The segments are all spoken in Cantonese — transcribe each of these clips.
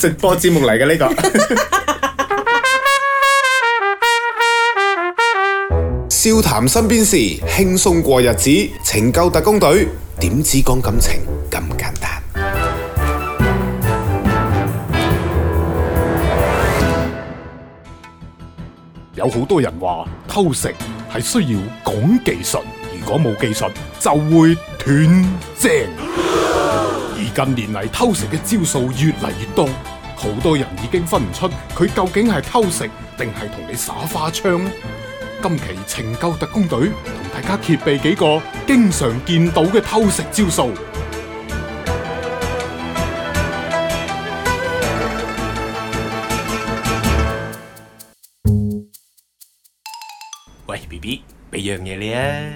直播節目嚟嘅呢個笑談 身邊事，輕鬆過日子，情救特工隊，點知講感情咁簡單？有好多人話偷食係需要講技術，如果冇技術就會斷正。而近年嚟，偷食嘅招數越嚟越多，好多人已經分唔出佢究竟係偷食定係同你耍花槍。今期情救特工隊同大家揭秘幾個經常見到嘅偷食招數。喂 B B，俾樣嘢你啊！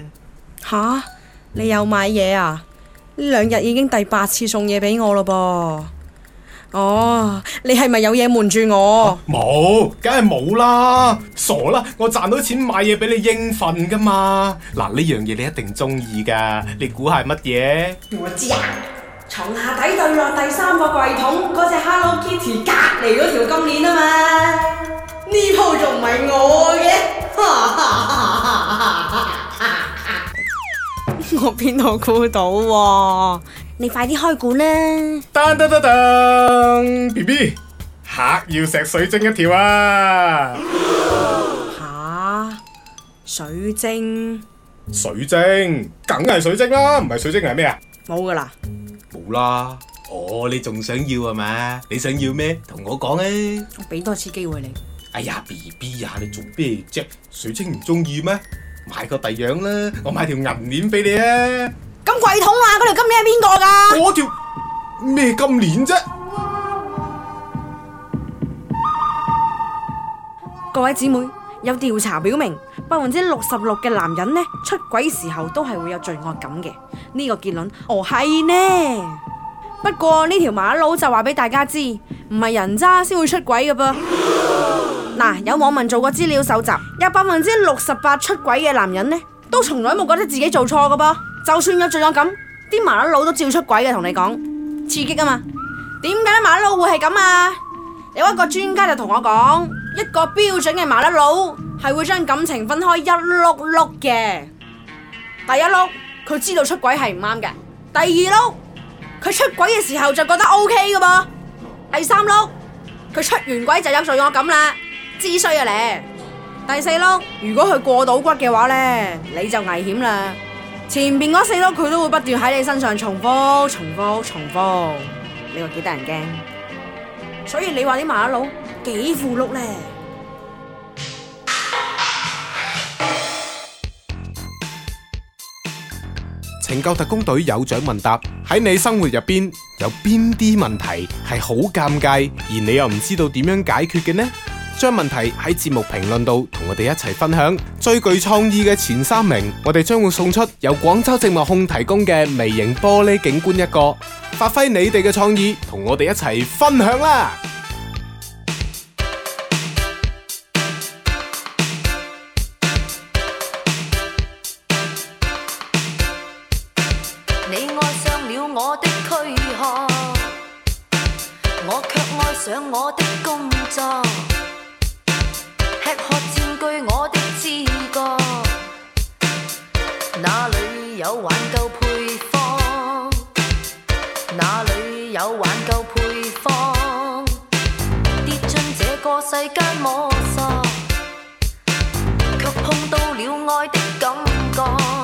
吓，你又買嘢啊？呢兩日已經第八次送嘢俾我咯噃！哦，你係咪有嘢瞞住我？冇、啊，梗係冇啦，傻啦！我賺到錢買嘢俾你應份噶嘛。嗱，呢樣嘢你一定中意噶，你估係乜嘢？我知啊，床下底對落第三個櫃桶嗰隻、那個、Hello Kitty 隔籬嗰條金鏈啊嘛。呢鋪仲唔係我嘅？哈哈哈哈我邊度估到、啊？你快啲開館啦！噔噔噔噔，B B，客要食水晶一條啊！吓，水晶？水晶梗係水晶啦，唔係水晶係咩啊？冇噶啦，冇啦。哦，你仲想要啊嘛？你想要咩？同我講啊！我俾多次機會你。哎呀，B B 啊，BB, 你做咩啫？水晶唔中意咩？買個第樣啦，我買條銀鏈俾你啊！咁鬼桶啊？嗰條金鏈係邊個噶嗰條咩金鏈啫？各位姊妹，有調查表明，百分之六十六嘅男人呢，出軌時候都係會有罪惡感嘅。呢、這個結論哦係呢，不過呢條馬佬就話俾大家知，唔係人渣先會出軌噶噃有網民做過資料搜集，有百分之六十八出軌嘅男人呢，都從來冇覺得自己做錯㗎噃。就算有罪惡感，啲麻甩佬都照出軌嘅。同你講刺激啊嘛。點解麻甩佬會係咁啊？有一個專家就同我講，一個標準嘅麻甩佬係會將感情分開一碌碌嘅。第一碌，佢知道出軌係唔啱嘅；第二碌，佢出軌嘅時候就覺得 OK 㗎噃；第三碌，佢出完軌就有罪惡感啦。知衰啊你！第四碌，如果佢過到骨嘅話咧，你就危險啦。前邊嗰四碌佢都會不斷喺你身上重複、重複、重複。你話幾得人驚？所以你話啲麻甩佬幾富碌咧？情救特工隊有獎問答：喺你生活入邊有邊啲問題係好尷尬，而你又唔知道點樣解決嘅呢？將問題喺節目評論度同我哋一齊分享，最具創意嘅前三名，我哋將會送出由廣州植物控提供嘅微型玻璃景觀一個。發揮你哋嘅創意，同我哋一齊分享啦！你愛上了我的軀殼，我卻愛上我的工作。吃喝佔據我的知覺，哪裏有挽救配方？哪裏有挽救配方？跌進這個世間摸索，卻碰到了，了愛的感覺。